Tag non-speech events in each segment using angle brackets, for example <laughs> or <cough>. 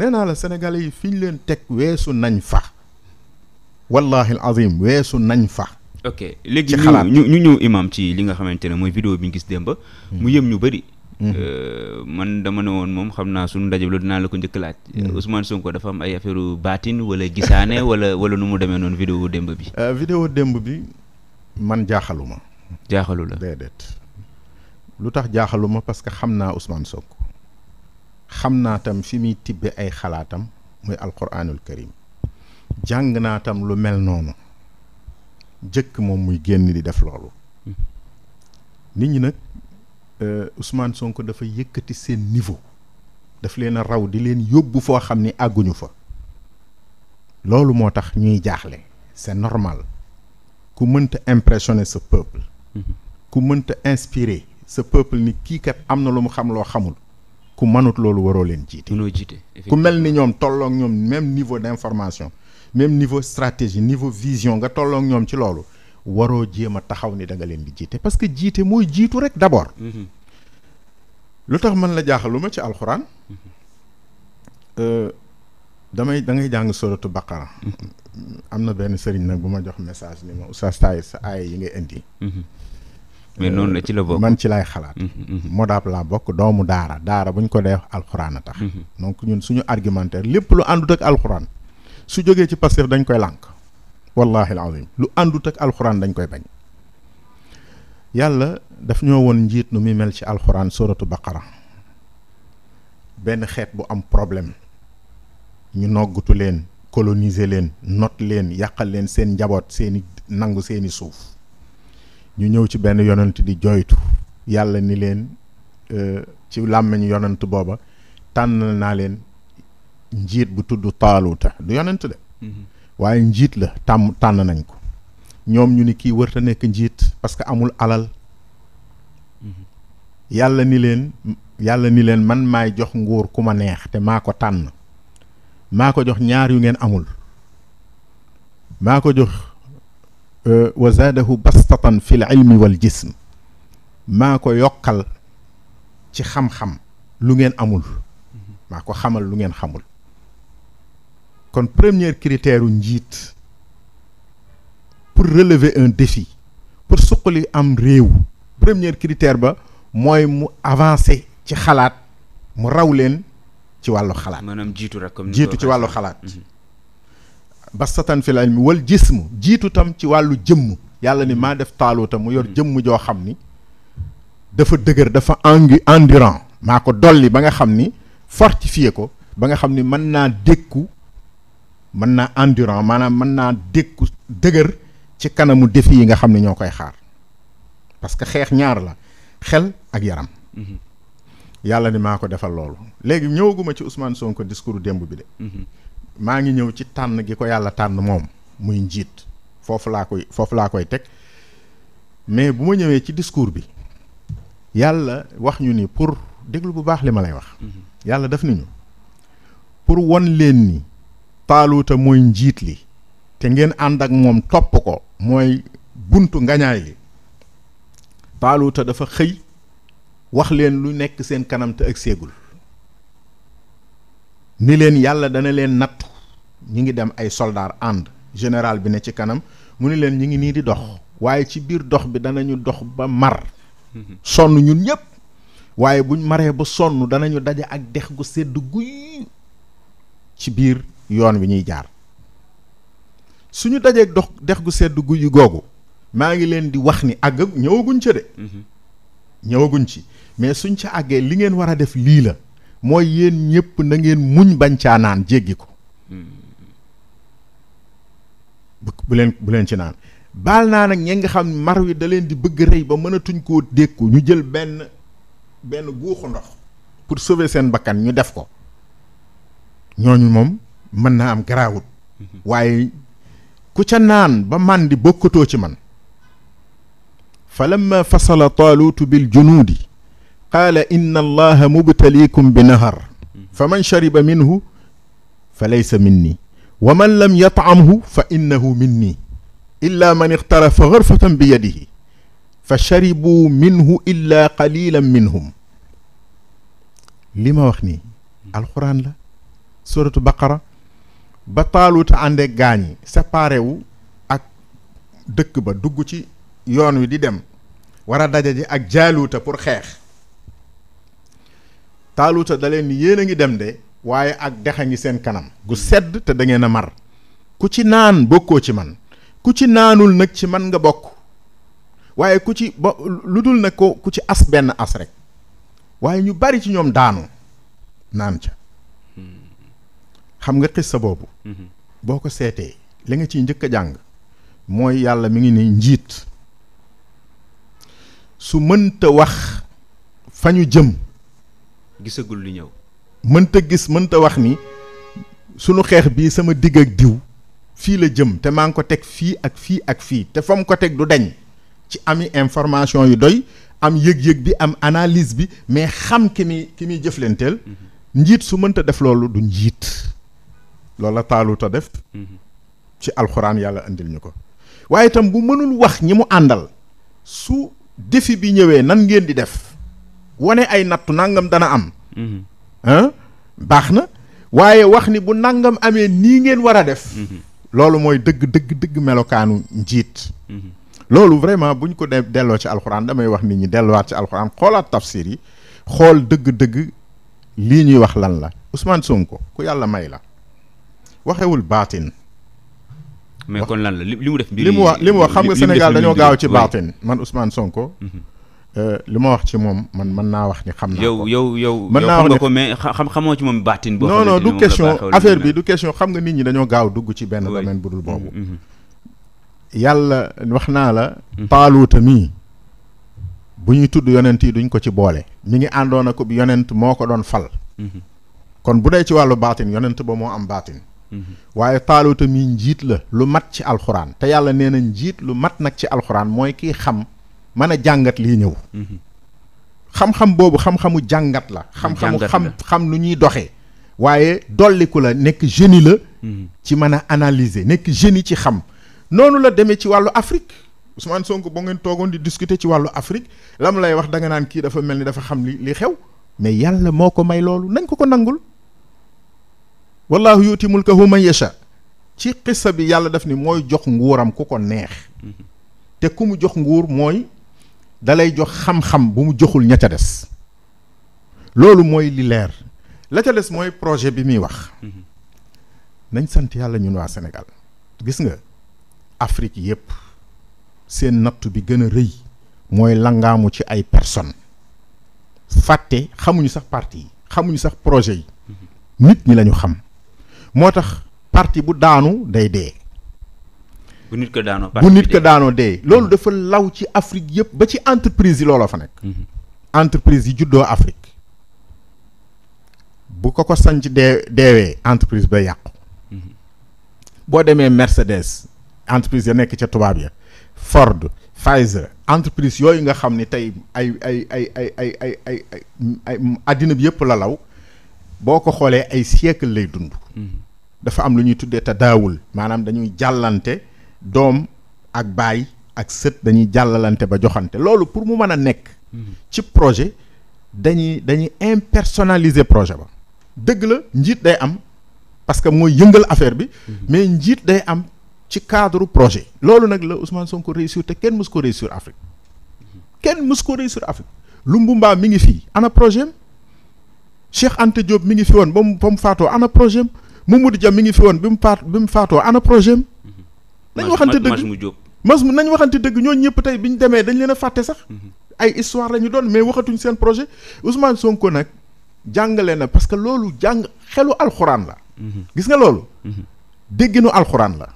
nee naa la sénégalais yi fi ñu leen teg weesu nañ fa wallahi azim weesu nañ fa ok léegi ñu ñu ñëw imam ci li nga xamante ne mooy vidéo bi ñu gis démb mu yëm ñu bëri mm-hmm. euh, man dama ne woon moom xam naa suñu ndaje bi la dinaa la ko njëkk laaj mm-hmm. euh, son ko dafa am ay affaire baatin wala gisaane <laughs> wala wala nu mu demee noonu vidéo démb bi euh, vidéo démb bi man jaaxaluma jaaxalu la déedéet lu tax jaaxaluma parce que xam naa Ousmane Sonko xam naa tam fi muy tibbe ay xalaatam muy alquranul karim jàng naa tam lu mel noonu jëkk moom muy génn di def loolu nit ñi nag euh, Ousmane Sonko dafa yëkkati seen niveau daf leen a raw di leen yóbbu foo xam ni àgguñu fa loolu moo tax ñuy jaaxle c'est normal ku mënta impressionner ce peuple mm-hmm. ku mënta inspirer ce peuple ni kii am na lu mu xam loo xamul ku mënut loolu waroo leen jiite. mënoo jiite ku mel ni ñoom tollook ñoom même niveau d'information même niveau stratégie niveau vision nga tollook ñoom ci loolu waroo jéem a taxaw ni da nga leen di jiite parce que jiite mooy jiitu rek d'abord. Mhm. lu tax man la jaaxal lu ma ci alxuraan. Mhm. Euh, damay da ngay jàng suratu baqara mhm. am na benn sëriñ nag bu ma jox message ni ma oustaz Taïr sa aaya yi ngay indi. mais noonu la ci la man ci lay xalaat. Mhm, mhm. Modap laa bokk doomu Daara Daara buñ ko dee alxuraan a tax. Mhm. donc ñun suñu argumentaire lépp lu àndut ak alxuraan su jógee ci Pastef dañ koy lànk wallahi alazim lu àndut ak alxuraan dañ koy bañ. yàlla daf ñoo woon njiit nu muy mel ci alxuraan suratu baqara benn xeet bu am problème ñu noggutu leen coloniser leen not leen yàqal leen seen njaboot seeni nangu seeni suuf. ñu ñëw ci benn yonant di joytu yàlla ni leen euh, ci làmmiñ yonant booba tànn naa leen njiit bu tudd taaluta du yonant de mhm. waaye njiit la tàmm tànn nañ ko ñoom ñu ni kii wërta nekk njiit parce que amul alal mhm. yàlla ni leen yàlla ni leen man maay jox nguur ku ma neex te maa ko tànn maa ko jox ñaar yu ngeen amul maa ko jox wa zaadahu bastatan fi l ilmi wal jism maa ko yokkal ci xam-xam lu ngeen amul maa ko xamal lu ngeen xamul kon premier critère u njiit pour relever un défi pour suqali am réew premier critère ba mooy mu avancer ci xalaat mu raw leen ci wàllu xalaat maanaam jiitu rek jiitu ci wàllu xalaat mm-hmm. ba fil ilmi wal jism jiitu tam ci wàllu jëmm yàlla ni maa def taaluta mu yor mm-hmm. jëmm joo xam ni dafa dëgër dafa engu endurant maa ko dolli ba nga xam ni fortifié ko ba nga xam ni mën naa dékku mën naa endurant maanaam mën naa dékku dëgër ci kanamu défi yi nga xam ni ñoo koy xaar parce que xeex ñaar la xel ak yaram mm-hmm. yàlla ni maa ko defal loolu léegi ñëwaguma ci Ousmane Sonko discours démb bi de mm-hmm. maa ngi ñëw ci tànn gi ko yàlla tànn moom muy njiit foofu laa koy foofu laa koy teg mais bu ma ñëwee ci discours bi yàlla wax ñu ni pour déglu bu baax li ma lay wax mm-hmm. yàlla def nañu pour won leen ni taaluuta mooy njiit li te ngeen ànd ak moom topp ko mooy buntu ngañaay li taaluuta dafa xëy wax leen lu nekk seen kanam te ak séegul ni leen yàlla dana leen nattu ñu ngi dem ay soldaar ànd général bi ne ci kanam mu ni leen ñi ngi nii di dox waaye ci biir dox bi danañu dox ba mar sonn ñun ñëpp waaye buñ maree ba sonn danañu daje ak dex gu sedd guy ci biir yoon wi ñuy jaar suñu dajee dox dex gu sedd guy googu maa ngi leen di wax ni àgg ñëwaguñ ca de mhm. ñëwaguñ ci mais suñ ca àggee li ngeen war a def lii la mooy yéen ñëpp na ngeen muñ bañ caa naan jéggi ko bu leen bu leen ci naan baal naa nag ñi nga xam mar wi da leen di bëgg rëy ba mënatuñ koo dékku ñu jël benn benn guuxu ndox pour sauver seen bakkan ñu def ko ñooñu moom mën naa am garaawut mhm. waaye ku ca naan ba màndi bokkatoo ci man fa lamma fasala taaluutu bil junuudi qaala inna allaha mubtaliikum bi nahar mhm. fa man shariba minhu fa laysa minni wa man lam yataamhu fa innahu minni illa man ixtarafa xarfatan bi yadihi fa sharibu minhu illa qalilan minhum li ma wax nii alxuraan la suratu baqara ba taalut ànde gaañ yi ak dëkk ba dugg ci yoon wi di dem war a daje ak jaaluuta pour xeex taaluta da leen yéen a ngi dem de waaye ak dex a ngi seen kanam gu sedd te dangeen a mar ku ci naan bokkoo ci man ku ci naanul nag ci man nga bokk waaye ku ci ba lu dul nag ko ku ci as benn as rek waaye ñu bari ci ñoom daanu naan ca xam nga xis sa boobu boo ko seetee li nga ciy njëkk a jàng mooy yàlla mi ngi ne njiit su mënta wax fa ñu jëm gisagul lu ñëw mënta gis mënta wax ni sunu xeex bii sama digg ak diw fii la jëm te maa ngi ko teg fii ak fii ak fii te fa mu ko teg du deñ ci ami information yu doy am yëg-yëg bi am analyse bi mais xam ki mi ki muy jëflenteel mhm. njiit su mënta def loolu du njiit loolu la def mhm. ci alxuraan yàlla indil ñu ko waaye itam bu mënul wax ñi mu àndal su defi bi ñëwee nan ngeen di def wane ay nattu nangam dana am mhm. baax na waaye wax ni bu nangam amee nii ngeen war a def. Mhm. loolu mooy dëgg dëgg dëgg melokaanu njiit. Mhm. loolu vraiment buñ ko de delloo ci alxuraan damay wax nit ñi delluwaat ci alxuraan xoolaat tafsir yi xool dëgg-dëgg lii ñuy wax lan la Ousmane Sonko ku yàlla may la waxewul baatin. mais kon lan la li mu def mbir mu wax li mu wax xam nga Sénégal dañoo gaaw ci baatin man Ousmane Sonko. Mhm. Euh, li ma wax ci moom man mën naa wax ni xam naa ko yow yow yow mën naa wax ko mais xam xamoo ci moom baatin boo non du question affaire bi du question xam nga nit ñi dañoo gaaw dugg ci benn domaine bu dul boobu mm-hmm, mm-hmm. yàlla wax naa la mm-hmm. taaluuta mii bu ñuy tudd yonent yi duñ ko ci boole mu ngi àndoon ak bi yonent moo ko doon fal kon bu dee ci wàllu baatin yonent ba moo am baatin waaye taaluuta mii njiit la lu mat ci alxuraan te yàlla nee na njiit lu mat nag ci alxuraan mooy kiy xam mën a jàngat lii ñëw mhm. xam-xam boobu xam-xamu jàngat la xam-xamu xam xam lu ñuy doxee waaye dolliku la nekk génie la mhm. ci mën a analyser nekk génie ci xam noonu la demee ci wàllu Afrique Ousmane Sonko boo ngeen toogoon di discuter ci wàllu Afrique lam lay wax da naan kii dafa mel ni dafa xam li li xew mais yàlla moo ko may loolu nañ ko ko nangul wallahu yuuti ko man yasha ci xissa bi yàlla daf ni mooy jox nguuram ku ko neex mhm. te ku mu jox nguur mooy dalay jox xam-xam bu mu joxul ña ca des loolu mooy li leer la ca des mooy projet bi muy wax nañ sant yàlla ñun waa Sénégal gis nga Afrique yépp seen nattu bi gën a rëy mooy langaamu ci ay personnes fàtte xamuñu sax parti yi xamuñu sax projet yi mm-hmm. nit ñi lañu xam moo tax parti bu daanu day dee bu nit ko daanoo daanoo dee. Mm-hmm. loolu dafa law ci Afrique yëpp ba ci entreprise yi looloo fa nekk. Mm-hmm. entreprise yi juddoo Afrique bu ko ko sanc dee deewee entreprise ba yàqu. Mm-hmm. boo demee Mercedes entreprise ya nekk ca tubaab ya Ford Pfizer entreprise yooyu nga xam ni tey ay ay ay ay ay ay ay ay bi yëpp la law boo ko xoolee ay siècle lay dund. dafa am lu ñuy tuddee te daawul maanaam dañuy jàllante. doom ak baay ak sët dañuy jàllalante ba joxante loolu pour mu mën a nekk mhm. ci projet dañuy dañuy impersonnaliser projet ba dëgg la njiit day am parce que mooy yëngal affaire bi mhm. mais njiit day am ci cadre projet loolu nag la Ousmane ko réussir te kenn mës ko réussir Afrique mhm. kenn mës ko réussir Afrique Lumumba mi ngi fii ana projet am Cheikh Anta Diop mi ngi fi woon ba mu mu faatoo ana projet mu Mamadou Dia mi ngi fi woon bi mu faat bi mu faatoo ana projet am nañ waxante dëgg mu jóg mas mu nañ waxante dëgg ñooñu ñëpp tey bi ñu demee dañ leen a fàtte sax mhm. ay histoire la ñu doon mais waxatuñu seen projet Ousmane Sonko nag jàngale na parce que loolu jàng xelu alxuraan la mhm. gis nga loolu mhm. dégginu alxuraan la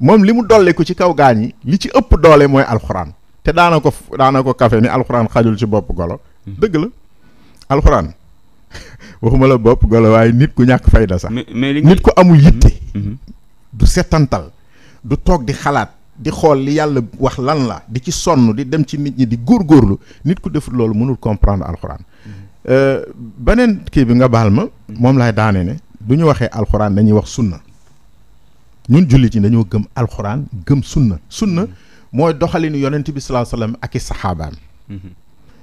moom li mu dolle ko ci kaw gaañ yi li ci ëpp doole mooy alxuraan te daana ko daana ko kafe ni alxuraan xajul ci bopp golo dëgg la alxuraan <laughs> waxuma la bopp golo waaye nit ku ñàkk fayda sax nit ku amul yitte du settantal du toog di xalaat di xool li yàlla wax lan la di ci sonn di dem ci nit ñi di góor góorlu nit ku deful loolu mënul comprendre alxuraan mm-hmm. euh, beneen kii bi nga baal ma mm-hmm. moom laay daane ne du ñu waxee alxuraan dañuy wax sunna ñun jullit yi dañoo gëm alxuraan gëm sunna sunna mm-hmm. mooy doxalinu yonent bi sallallahu alayhi wasallam ak i saxaabaam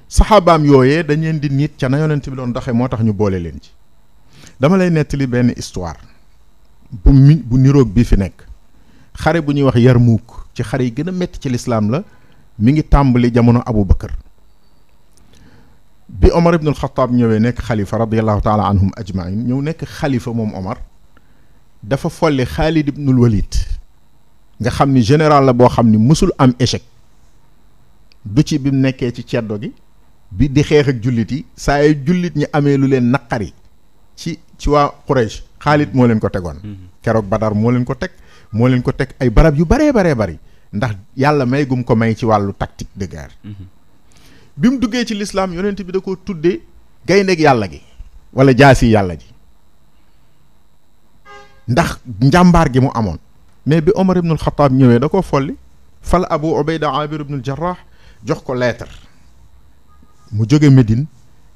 saxaabaam yooyee dañ leen di nit ca na yonent bi doon doxee moo tax ñu boole leen ci dama lay nettali benn histoire bu mi bu niroog bii fi nekk xare bu ñuy wax Yarmouk ci xare yi gën a métti ci lislaam la mi ngi tàmbali jamono Abu Bakar bi Omar ibn al ñëwee nekk xalifa radiallahu taala anhum ajmain ñëw nekk xalifa moom Omar dafa folli Xaalid ibnul Walid nga xam ni général la boo xam ni mësul am échec du ci bi mu nekkee ci ceddo gi bi di xeex ak jullit yi saa yu jullit ñi amee lu leen naqari ci ci waa Quraysh Xaalid moo leen ko tegoon mm-hmm. keroog Badar moo leen ko teg moo leen ko teg ay barab yu baree baree bari ndax yàlla may gum ko may ci wàllu tactique de mhm. bi mu duggee ci lislaam yonent bi da ko tuddee gayndeeg yàlla gi wala jaasi yàlla ji ndax njàmbaar gi mu amoon mais bi Omar ibnul Xataab ñëwee da koo folli fal Abu Ubayda Amir ibnul Jarraax jox ko lettre mu jóge Médine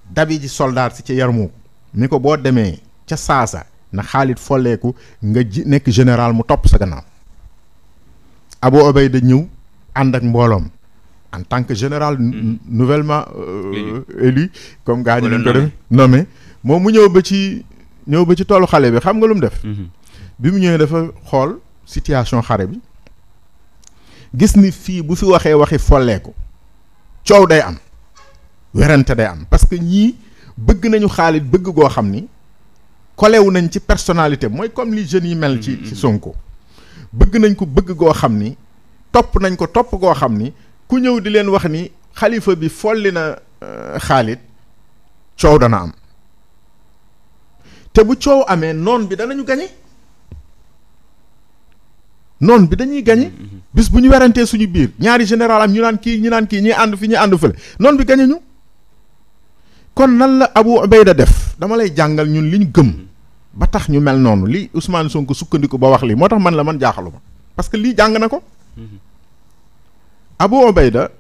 dabi ji soldaar si ci Yarmouk ni ko boo demee ca saasa na Xaalid folleeku nga ji nekk général mu topp sa gannaaw Abu Obayda ñëw ànd ak mbooloom en tant que général mm-hmm. nouvellement élu euh, comme gaa ñu leen ko def nommé moom mu ñëw ba ci ñëw ba ci tollu xale bi xam nga lu mu def mm-hmm. bi mu ñëwee dafa xool situation xare bi gis ni fii bu fi waxee waxi folleeku coow day am werante day am parce que ñii bëgg nañu xaalit bëgg goo xam ni kolewu nañ ci personnalité mooy comme li jeunes yi mel ci mm-hmm. ci Sonko bëgg nañ ko bëgg goo xam ni topp nañ ko topp goo xam ni ku ñëw di leen wax ni xalifa bi folli na euh, xaalit coow dana am te bu coow amee noon bi danañu gañe noon bi dañuy gañe mm-hmm. bis bu ñu werantee suñu biir ñaari général am ñu naan kii ñu naan kii ñuy ànd fi ñuy àndu fële noon bi gañe ñu kon nan la Abu Ubayda def dama lay jàngal ñun li ñu gëm mm-hmm. ba tax ñu mel noonu li Ousmane Sonko sukkandiku ba wax lii moo tax man la man jaaxaluma parce que lii jàng na ko. Abu Obayda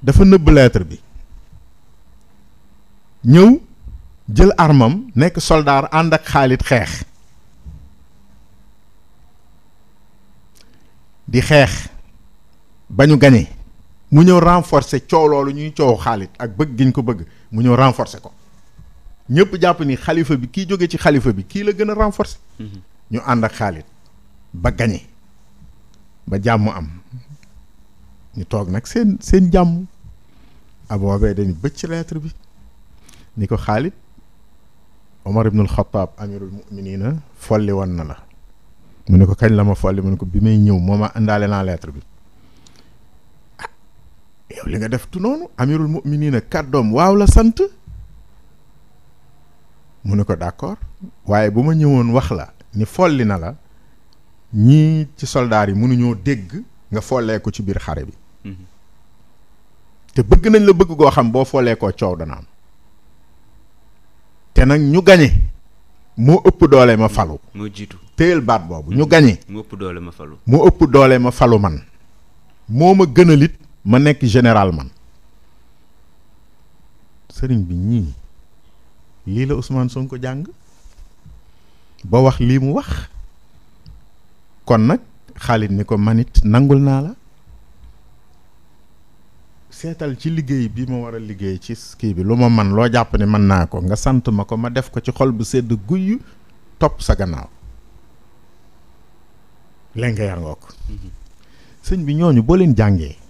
dafa nëbb lettre bi ñëw jël armam nekk soldaar ànd ak xaalit xeex di xeex ba ñu gañee mu ñëw renforcer coow loolu ñuy coow xaalit ak bëgg gi ñu ko bëgg mu ñëw renforcer ko. ñépp jàpp ni xalifa bi kii jóge ci xalifa bi kii la gën a renforcer. Mhm. ñu ànd ak Khalid ba gañe ba jàmm am ñu toog nag seen seen jàmm aboobee dañu bëcc lettre bi ni ko Khalid Omar ibnul Xataab amirul muminina folli woon na la mu ne ko kañ la ma folli mu ko bi may ñëw moom ma indaale naa lettre bi ah yow li nga def tu noonu amirul muminina kàddoom waaw la sant mu ne ko d'accord waaye bu ma ñëwoon wax la ni folli na la ñii ci soldaar yi mënuñoo dégg nga follee ko ci biir xare bi mm-hmm. te bëgg nañ la bëgg goo xam boo follee koo coow dana am te nag ñu gañe moo ëpp doole ma falu moo jiitu téyel baat boobu ñu mm-hmm. gañe moo ëpp doole ma falu moo ëpp doole ma falu man moo ma gënalit ma nekk général man sëriñ bi lii la Ousmane ko jàng ba wax lii mu wax kon nag Khalid ni ko manit nangul naa la seetal ci liggéey bi ma war a liggéey ci skii bi lu ma man loo jàpp ne mën naa ko nga sant ma ko ma def ko ci xol bu sedd guy topp sa gannaaw léegi nga ko sëñ bi ñooñu boo leen jàngee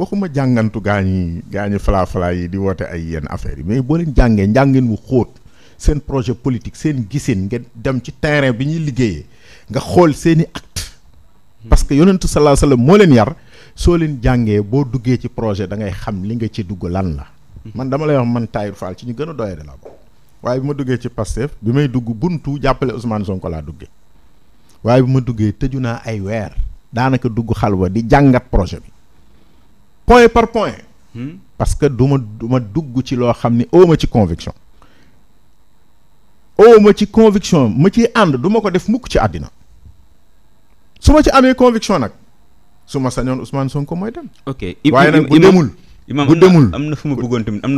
waxuma jàngantu gaa ñi gaa ñi falaa falaa yi di woote ay yenn affaires yi mais boo leen jàngee njàngeen bu xóot seen projet politique seen gisin nga dem ci terrain bi ñuy liggéeyee nga xool seeni acte parce que yonentu salaa sallam moo leen yar soo leen jàngee boo duggee ci projet da ngay xam li nga ci dugg lan la man dama lay wax man Tahirou Fall ci ñu gën a doyee de la ko waaye bi ma duggee ci Pastef bi may dugg buntu jàppale Ousmane ko laa duggee waaye bi ma duggee tëju naa ay weer daanaka dugg xalwa di jàngat projet bi point par point. Hmm? parce que du ma du ma dugg ci loo xam ni oo ma ci conviction. oo ma ci conviction ma ciy ànd du ma ko def mukk ci àddina su ma ci amee conviction nag su ma sañoon Ousmane Sonko mooy dem. ok waaye nag bu demul. bu demul